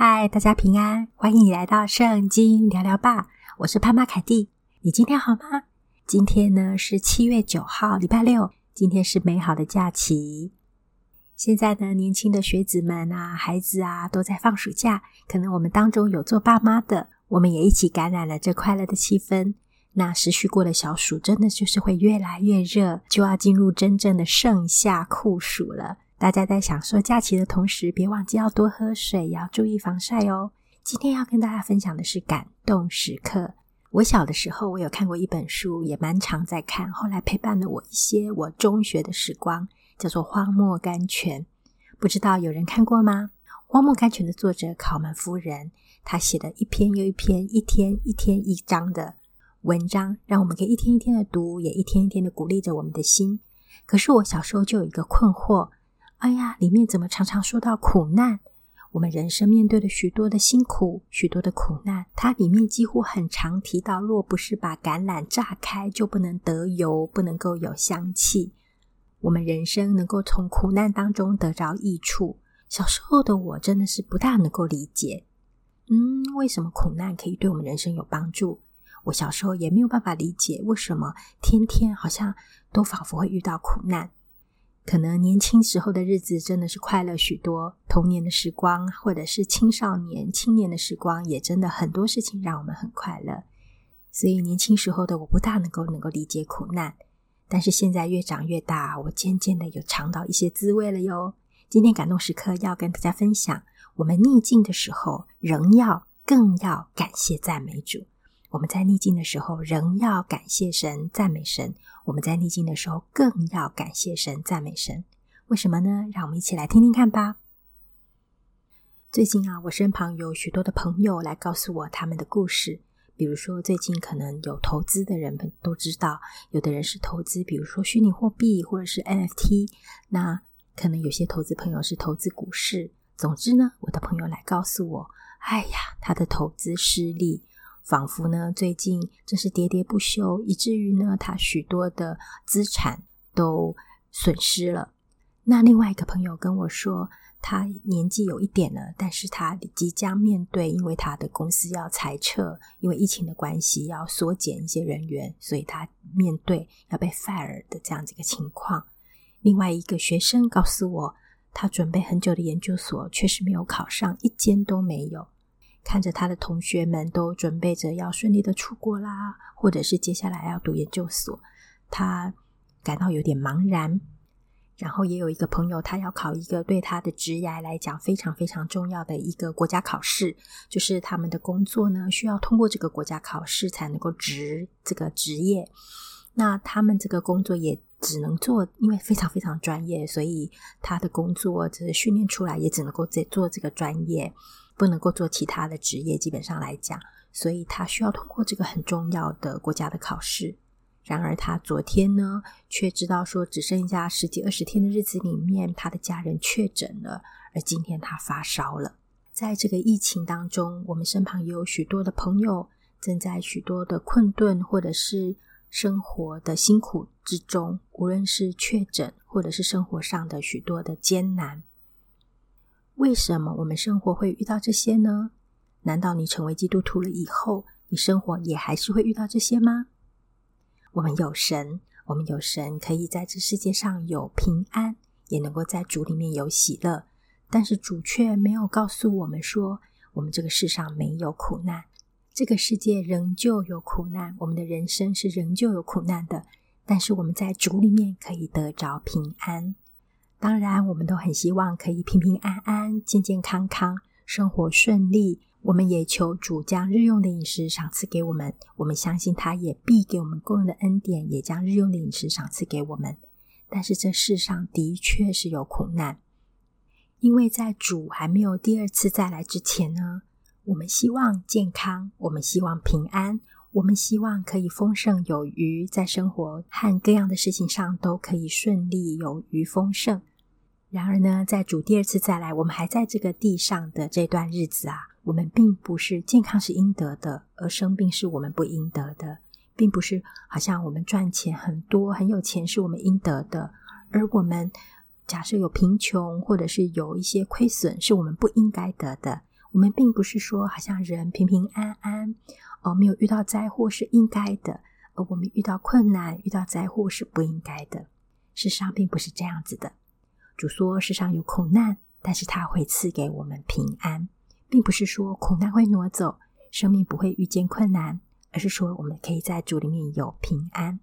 嗨，Hi, 大家平安，歡迎你來到聖經聊聊吧。我是潘媽凱蒂，你今天好嗎？今天呢，是七月九號，禮拜六，今天是美好的假期。現在呢，年輕的學子們啊，孩子啊，都在放暑假。可能我們當中有做爸媽的，我們也一起感染了這快樂的氣氛。那時序過的小暑，真的就是會越來越熱，就要進入真正的盛夏酷暑了。大家在享受假期的同時，別忘記要多喝水，也要注意防曬哦。今天要跟大家分享的是感動時刻。我小的時候，我有看過一本書，也蠻常在看，後來陪伴了我一些我中學的時光，叫做《荒漠甘泉》。不知道有人看過嗎？《荒漠甘泉》的作者考門夫人，她寫了一篇又一篇，一天一天一章的文章，讓我們可以一天一天的讀，也一天一天的鼓勵着我們的心。可是我小時候就有一個困惑。哎呀，裡面怎麼常常說到苦難？我們人生面對了許多的辛苦，許多的苦難。它裡面幾乎很常提到，若不是把橄欖榨開，就不能得油，不能夠有香氣。我們人生能夠從苦難當中得着益處。小時候的我真的是不大能夠理解，嗯，為什麼苦難可以對我們人生有幫助？我小時候也沒有辦法理解，為什麼天天好像都仿佛會遇到苦難。可能年輕時候的日子真的是快樂許多，童年的時光或者是青少年、青年的時光，也真的很多事情讓我們很快樂。所以年輕時候的我不大能夠能夠理解苦難，但是現在越長越大，我漸漸的有嘗到一些滋味了喲。今天感動時刻要跟大家分享，我們逆境的時候，仍要、更要感謝讚美主。我們在逆境的時候，仍要感謝神、讚美神；我們在逆境的時候，更要感謝神、讚美神。為什麼呢？讓我們一起來聽聽看吧。最近啊，我身旁有許多的朋友來告訴我他們的故事，比如說最近可能有投資的人們都知道，有的人是投資，比如說虛擬貨幣或者是 NFT，那可能有些投資朋友是投資股市。總之呢，我的朋友來告訴我：“哎呀，他的投資失利。”仿佛呢，最近真是跌跌不休，以至於呢，他許多的資產都損失了。那另外一個朋友跟我說，他年紀有一點了，但是他即將面對，因為他的公司要裁撤，因為疫情的關係要縮減一些人員，所以他面對要被 fire 的這樣子一個情況。另外一個學生告訴我，他準備很久的研究所確實沒有考上，一間都沒有。看着他的同學們都準備着要順利的出國啦，或者是接下來要讀研究所，他感到有點茫然。然後也有一個朋友，他要考一個對他的職業來講非常非常重要的一個國家考試，就是他們的工作呢，需要通過這個國家考試才能夠執這個職業。那他們這個工作也只能做，因為非常非常專業，所以他的工作就是訓練出來也只能夠在做這個專業。不能夠做其他的職業，基本上來講，所以他需要通過這個很重要的國家的考試。然而，他昨天呢，卻知道說只剩下十幾二十天的日子裡面，他的家人確診了，而今天他發燒了。在這個疫情當中，我們身旁也有許多的朋友正在許多的困頓或者是生活的辛苦之中，無論是確診或者是生活上的許多的艱難。為什麼我們生活會遇到這些呢？難道你成為基督徒了以後，你生活也還是會遇到這些嗎？我們有神，我們有神可以在這世界上有平安，也能夠在主裡面有喜樂。但是主卻沒有告訴我們說，我們這個世上沒有苦難，這個世界仍舊有苦難，我們的人生是仍舊有苦難的。但是我們在主裡面可以得着平安。當然，我們都很希望可以平平安安、健健康康、生活順利。我們也求主將日用的飲食賞賜給我們。我們相信，他也必給我們供應的恩典，也將日用的飲食賞賜給我們。但是，這世上的確是有苦難，因為在主還沒有第二次再來之前呢，我們希望健康，我們希望平安，我們希望可以豐盛有餘，在生活和各樣的事情上都可以順利、有餘、豐盛。然而呢，在主第二次再來，我們還在這個地上的這段日子啊，我們並不是健康是應得的，而生病是我們不應得的，並不是好像我們賺錢很多，很有錢是我們應得的，而我們假設有貧窮，或者是有一些虧損是我們不應該得的。我們並不是說好像人平平安安，哦，沒有遇到災禍是應該的，而我們遇到困難，遇到災禍是不應該的。事實上並不是這樣子的。主說：“世上有苦難，但是他會賜給我們平安，並不是說苦難會挪走，生命不會遇見困難，而是說我們可以在主裡面有平安，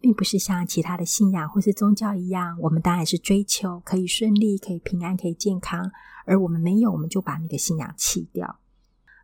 並不是像其他的信仰或是宗教一樣，我們當然是追求可以順利、可以平安、可以健康，而我們沒有，我們就把那個信仰棄掉，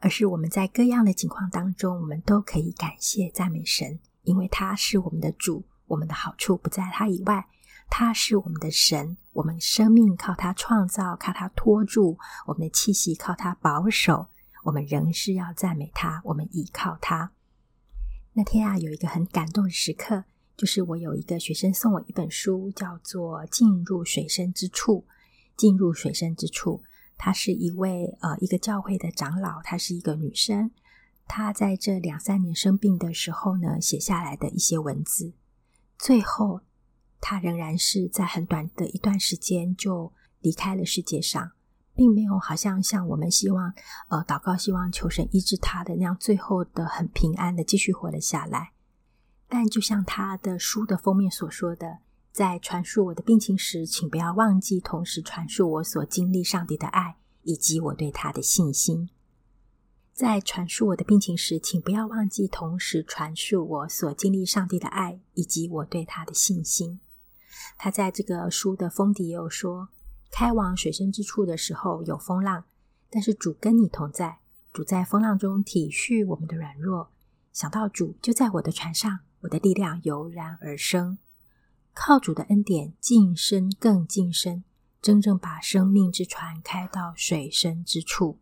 而是我們在各樣的情況當中，我們都可以感謝讚美神，因為他是我們的主，我們的好處不在他以外。”他是我們的神，我們生命靠他創造，靠他托住，我們的氣息靠他保守，我們仍是要讚美他，我們依靠他。那天啊，有一個很感動的時刻，就是我有一個學生送我一本書，叫做《進入水深之處》。進入水深之處，她是一位呃一個教會的長老，她是一個女生，她在這兩三年生病的時候呢，寫下來的一些文字，最後。他仍然是在很短的一段時間就離開了世界上，並沒有好像像我們希望，呃，禱告希望求神醫治他的那樣，最後的很平安的繼續活了下來。但就像他的書的封面所說的，在傳述我的病情時，請不要忘記同時傳述我所經歷上帝的愛，以及我對他的信心。在傳述我的病情時，請不要忘記同時傳述我所經歷上帝的愛，以及我對他的信心。他在這個書的封底也有說：“開往水深之處的時候有風浪，但是主跟你同在，主在風浪中體恤我們的軟弱。想到主就在我的船上，我的力量油然而生。靠主的恩典，進深更進深，真正把生命之船開到水深之處。”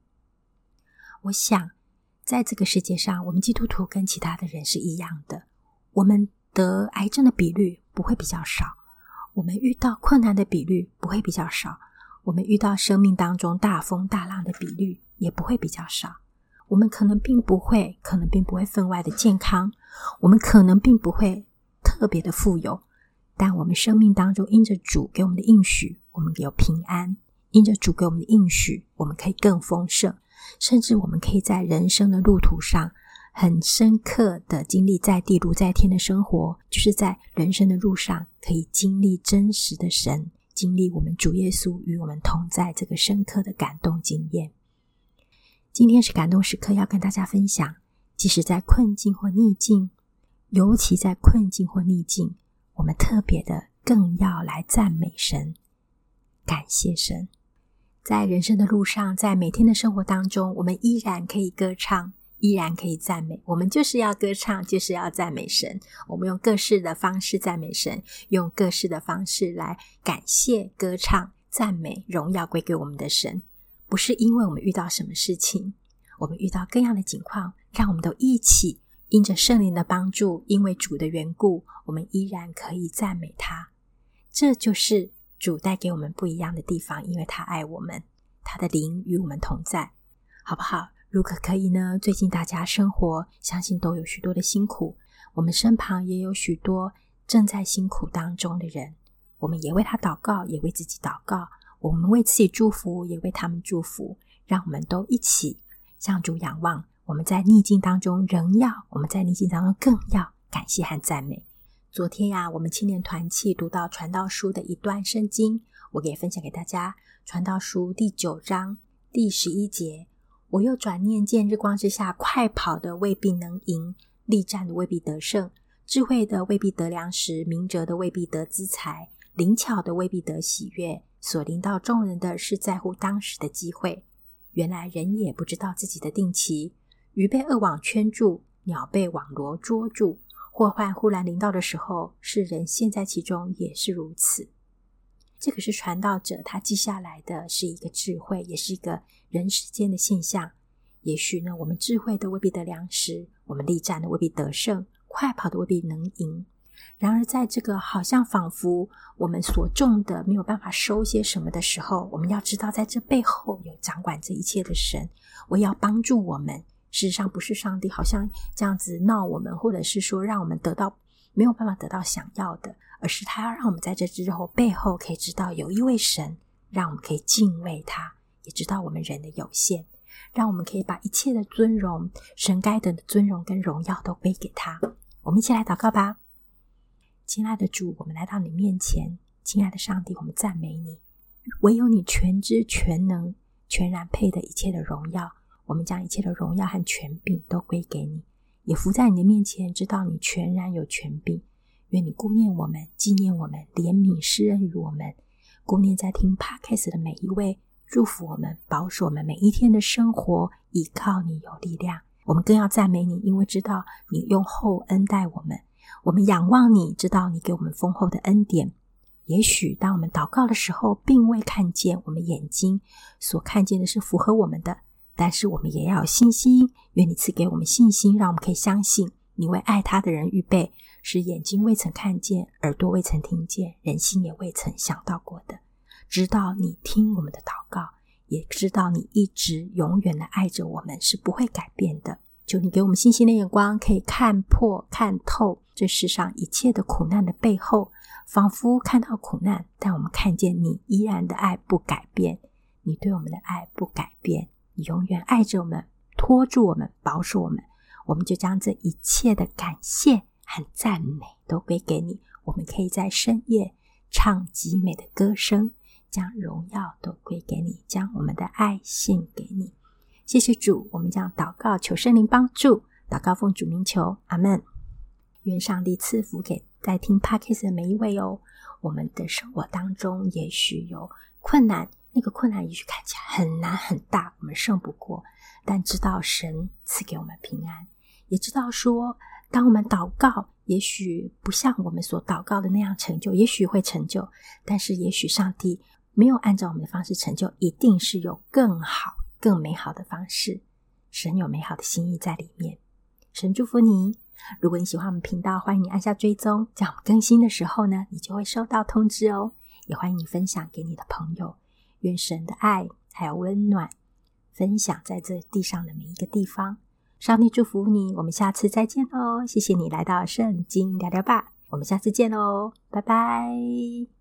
我想，在這個世界上，我們基督徒跟其他的人是一樣的，我們得癌症的比率不會比較少。我們遇到困難的比率不會比較少，我們遇到生命當中大風大浪的比率也不會比較少。我們可能並不會，可能並不會分外的健康，我們可能並不會特別的富有，但我們生命當中因着主給我們的應許，我們有平安；因着主給我們的應許，我們可以更豐盛，甚至我們可以在人生的路途上。很深刻的經歷，在地如在天的生活，就是在人生的路上，可以經歷真實的神，經歷我們主耶穌與我們同在這個深刻的感動經驗。今天是感動時刻，要跟大家分享，即使在困境或逆境，尤其在困境或逆境，我們特別的更要來讚美神，感謝神。在人生的路上，在每天的生活當中，我們依然可以歌唱。依然可以讚美，我們就是要歌唱，就是要讚美神。我們用各式的方式讚美神，用各式的方式來感謝、歌唱、讚美、榮耀歸給我們的神。不是因為我們遇到什麼事情，我們遇到各樣的情況，讓我們都一起，因着聖靈的幫助，因為主的緣故，我們依然可以讚美他。這就是主帶給我們不一樣的地方，因為他愛我們，他的靈與我們同在，好不好？如果可以呢？最近大家生活，相信都有許多的辛苦。我們身旁也有許多正在辛苦當中的人，我們也為他禱告，也為自己禱告。我們為自己祝福，也為他們祝福。讓我們都一起向主仰望。我們在逆境當中仍要，我們在逆境當中更要感謝和讚美。昨天呀，我們青年團契讀到《傳道書》的一段聖經，我給分享給大家，《傳道書》第九章第十一節。我又轉念，見日光之下快跑的未必能贏，力戰的未必得勝，智慧的未必得糧食，明哲的未必得資財，靈巧的未必得喜悅。所臨到眾人的是在乎當時的機會。原來人也不知道自己的定期。魚被惡網圈住，鳥被網羅捉住，禍患忽然臨到的時候，世人陷在其中也是如此。這可是傳道者他記下來的是一個智慧，也是一個人世間的現象。也許呢，我們智慧的未必得糧食，我們力戰的未必得勝，快跑的未必能贏。然而，在這個好像仿佛我們所種的沒有辦法收些什麼的時候，我們要知道，在這背後有掌管這一切的神，我要幫助我們。事實上，不是上帝好像這樣子鬧我們，或者是說讓我們得到沒有辦法得到想要的。而是他要讓我們在這之後背後可以知道有一位神，讓我們可以敬畏他，也知道我們人的有限，讓我們可以把一切的尊榮，神該得的尊榮跟榮耀都歸給他。我們一起來禱告吧，親愛的主，我們來到你面前，親愛的上帝，我們讚美你，唯有你全知全能、全然配得一切的榮耀，我們將一切的榮耀和權柄都歸給你，也伏在你的面前，知道你全然有權柄。願你顧念我們，紀念我們，憐憫施恩於我們。顧念在聽 Podcast 的每一位，祝福我們，保守我們每一天的生活，倚靠你有力量。我們更要讚美你，因為知道你用厚恩待我們。我們仰望你，知道你給我們豐厚的恩典。也許當我們禱告的時候，並未看見，我們眼睛所看見的是符合我們的，但是我們也要有信心。願你賜給我們信心，讓我們可以相信你為愛他的人預備。是眼睛未曾看見，耳朵未曾聽見，人心也未曾想到過的。知道你聽我們的禱告，也知道你一直永遠的愛着我們，是不會改變的。就你給我們信心的眼光，可以看破、看透這世上一切的苦難的背後，仿佛看到苦難，但我們看見你依然的愛不改變，你對我們的愛不改變，你永遠愛着我們，托住我們，保守我們，我們就將這一切的感謝。很讚美都歸給你，我們可以在深夜唱極美的歌聲，將榮耀都歸給你，將我們的愛獻給你。謝謝主，我們將禱告求聖靈幫助，禱告奉主名求，阿門。願上帝賜福給在聽 Podcast 的每一位哦。我們的生活當中也許有困難，那個困難也許看起來很難很大，我們勝不過，但知道神賜給我們平安，也知道說。當我們禱告，也許不像我們所禱告的那樣成就，也許會成就，但是也許上帝沒有按照我們的方式成就，一定是有更好、更美好的方式。神有美好的心意在裡面。神祝福你。如果你喜歡我們頻道，歡迎你按下追蹤，這樣我們更新的時候呢，你就會收到通知哦。也歡迎你分享給你的朋友。願神的愛還有溫暖分享在這地上的每一個地方。上帝祝福你，我們下次再見嘍！謝謝你來到《聖經聊聊吧》，我們下次見嘍，拜拜。